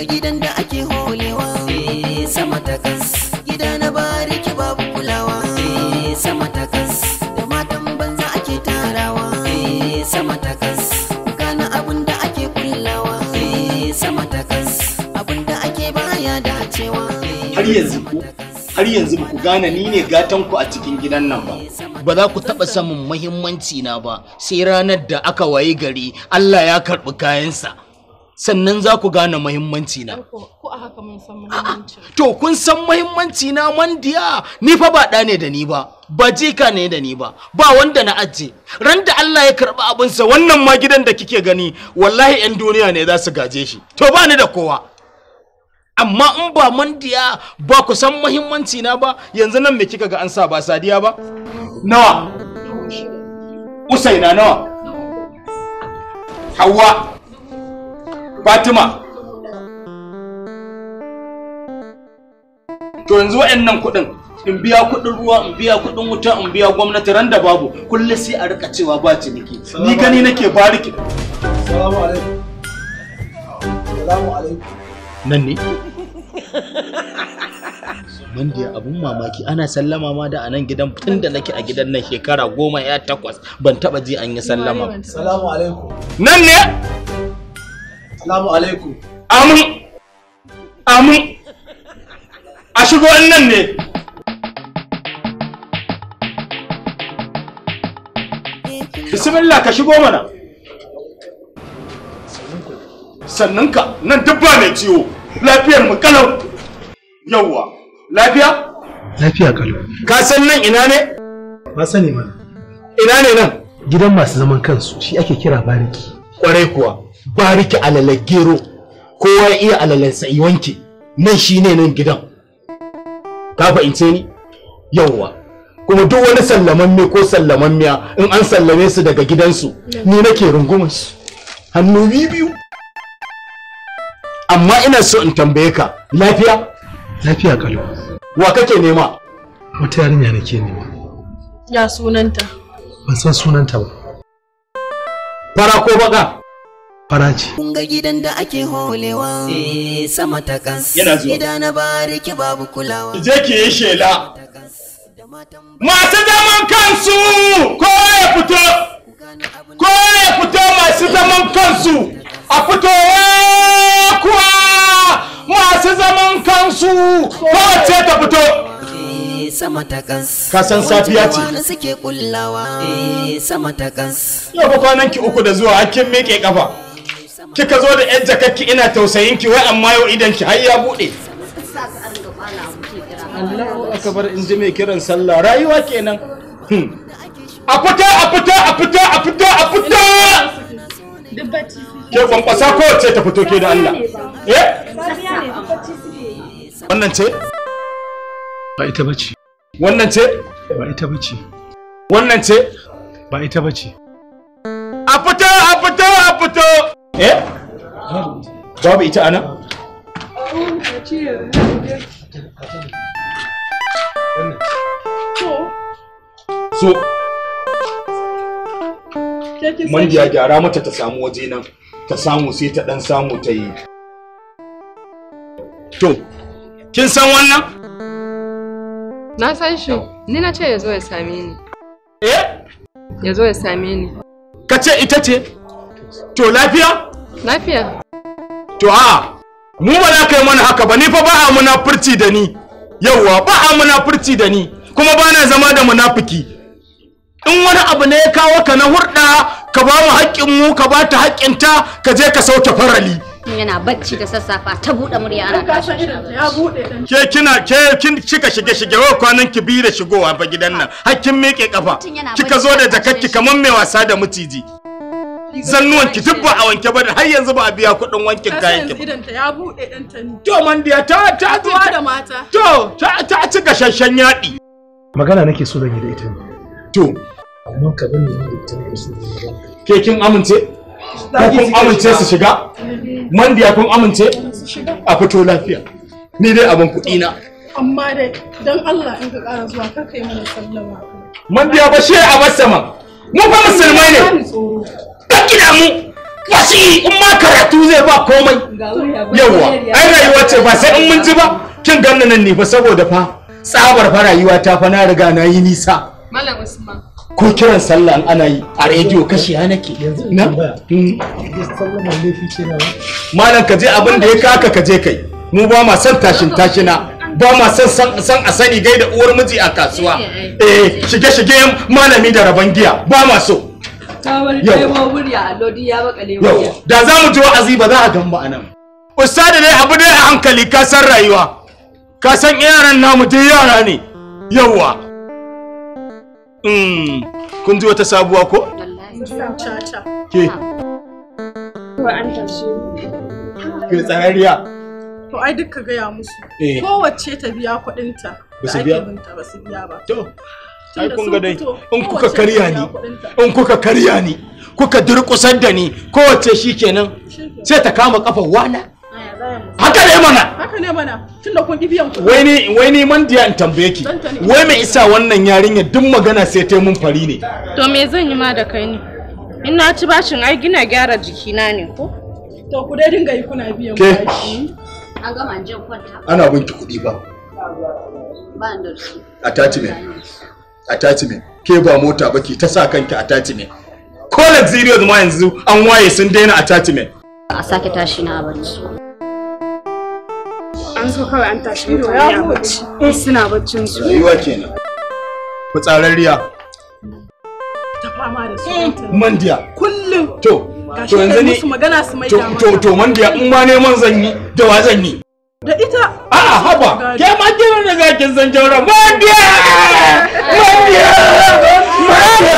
da gidan da ake holewa eh, sama takas gida na bariki babu kulawa eh, sama takas da matan banza ake tarawa eh, sama takas gana abin da ake kullawa sama takas abun da ake baya dacewa har yanzu ku har yanzu ku gane ni ne gatan ku a cikin gidan nan ba ba za ku taɓa samun muhimmanci na ba sai ranar da aka waye gari Allah ya karɓi kayansa sannan za ku gane muhimmanci na. Ko To kun san muhimmanci na mandiya ni fa ba ɗa ne da ni ba, ba jika ne da ni ba, ba wanda na ajiye. Ran da Allah ya karɓi sa, wannan ma gidan da kike gani wallahi 'yan duniya ne za su gaje shi. To ba ni da kowa. Amma in ba mandiya ba ku san muhimmanci na ba yanzu nan me kika ga an sa ba sadiya ba? Nawa? Usaina nawa? Hawa Fatima to yanzu wa'annan kuɗin in biya kuɗin ruwa in biya kuɗin wuta in biya gwamnati ran da babu kulle sai a rika cewa ba niki. ni gani nake bariki salamu alaikum salamu alaikum nan ne Mandiya abun mamaki ana sallama ma da a nan gidan tun da nake a gidan nan shekara goma ya takwas ban taba ji an yi sallama. Salamu alaikum. Nan ne? Salamu alaikum. Amin. Amin. A shigo nan ne. Bismillah ka shigo mana. Sannan ka nan duk mai ciwo. Lafiyar mu kalau. Yawwa. Lafiya? Lafiya kalau. Ka san nan ina ne? Ba sani mana. Ina ne nan? Gidan masu zaman kansu shi ake kira bariki. Kwarai kuwa. bariki alalar gero kowa ya iya alalar sa'i wanke nan shine nan gidan ka fahimce ni yawwa kuma duk wani sallamamme ko miya in an sallame su daga gidansu ni nake rungumar su hannu biyu amma ina so in tambaye ka lafiya lafiya kalu wa kake nema wata yarinya nake nema ya sunanta ban san sunanta ba fara ko baka faraci. Kun ga gidan da ake holewa eh, sama ta kas. Yana zuwa. Gida na bariki babu kulawa. Je ki yi shela. Masu zaman kansu ko ya fito. Ko ya fito masu zaman kansu a fito eh, kuwa masu zaman kansu ko ce ta fito. Eh, sama takas ka san safiya ce wani suke kullawa sama takas yau ba kwanan ki uku da zuwa hakkin meke kafa kika zo da yan jakakki ina tausayin ki wai amma yau idan ki har ya bude Allahu akbar in ji mai kiran sallah rayuwa kenan hmm. a fita a fita a fita a fita a fita ke kwankwasa kowace ta fito ke da Allah eh wannan ce ba ita bace wannan ce ba ita bace wannan ce ba ita bace a fito a fito a fito eh babu ita anan so mandiya gyara mata ta samu waje nan ta samu sai ta dan samu ta yi to kin san wannan na san shi ni na ce ya zo ya same ni eh ya zo ya same ni ka ce ita ce to lafiya Lafiya. To a mu ba za ka yi mana haka ba ni fa ba a munafurci da ni. Yawwa ba a munafurci da ni kuma ba na zama da munafiki. In wani abu ne ya kawo ka na hurɗa ka ba mu haƙƙin mu ka ba ta haƙƙinta ka je ka sauke farali. yana bacci da sassafa ta buɗe murya ana kashe ke kina ke kin kika shige shige wa kwanan ki bi da shigowa ba gidan nan hakkin miƙe kafa kika zo da jakakki kamar mai wasa da mutiji zannuwan ki duk ba a wanke ba da har yanzu ba a biya kuɗin wankin kayan ki ya to ta mata to ta ta ci gashashen yaɗi. magana nake so zan yi da ita ne to amma ka da ita ne so ke kin amince kun amince su shiga mandiya kun amince a fito lafiya ni dai abin kuɗi na amma dai dan Allah in ka ƙara zuwa kar mana sallama ba shi a masama fa musulmai ne ɗauki damu wasu in ma karatu zai ba komai yawwa ai rayuwa ce ba sai in mun ji ba kin ganna nan ne fa saboda fa tsabar fa rayuwa ta fa na riga na yi nisa malam usman ko kiran sallah an ana yi a rediyo kashi ya nake na hmm. malam ka je abin da ya kaka ka je kai mu ba ma san tashin tashina ba ma san san a sani gaida uwar miji a kasuwa eh shige shige malami da raban giya ba ma so yau da za mu ji wa'azi ba za a gan mu a nan ustadi dai abu dai a hankali ka san rayuwa ka san yaran namu dai yara ne yauwa hmm, kun ji wata sabuwa ko ke ke to ai ka gaya musu eh. kowace ta biya kuɗinta ba su biya ba ai kun ga dai in kuka karya ni in kuka karya ni kuka durƙusar da ni kowace shi shikenan sai ta kama kafar wana haka ne mana haka ne mana tunda kun biyan ku wai ni wai ni man diya in tambaye ki wai mai isa wannan yarinya duk magana sai ta mun fari ne to me zan yi ma da kai ne in na ci bashin ai gina gyara jikina ne ko to ku dai dinga yi kuna biyan bashi an gama jin kwanta ana binki kuɗi ba ba da su attachment attachment ke ba mota ba ke ta sa kanki attachment ko luxurious ma yanzu an waye sun daina attachment a sake tashi na barci. an so kawai an tashi mutane a bacci eh suna baccin su rayuwa kenan fitsararriya ta fama da su eh. mandiya kullum to to yanzu ne to to mandiya in ma neman zan yi da wa zan yi da ita a ah, haba ke ma kiran da zakin san jauran mandiya mandiya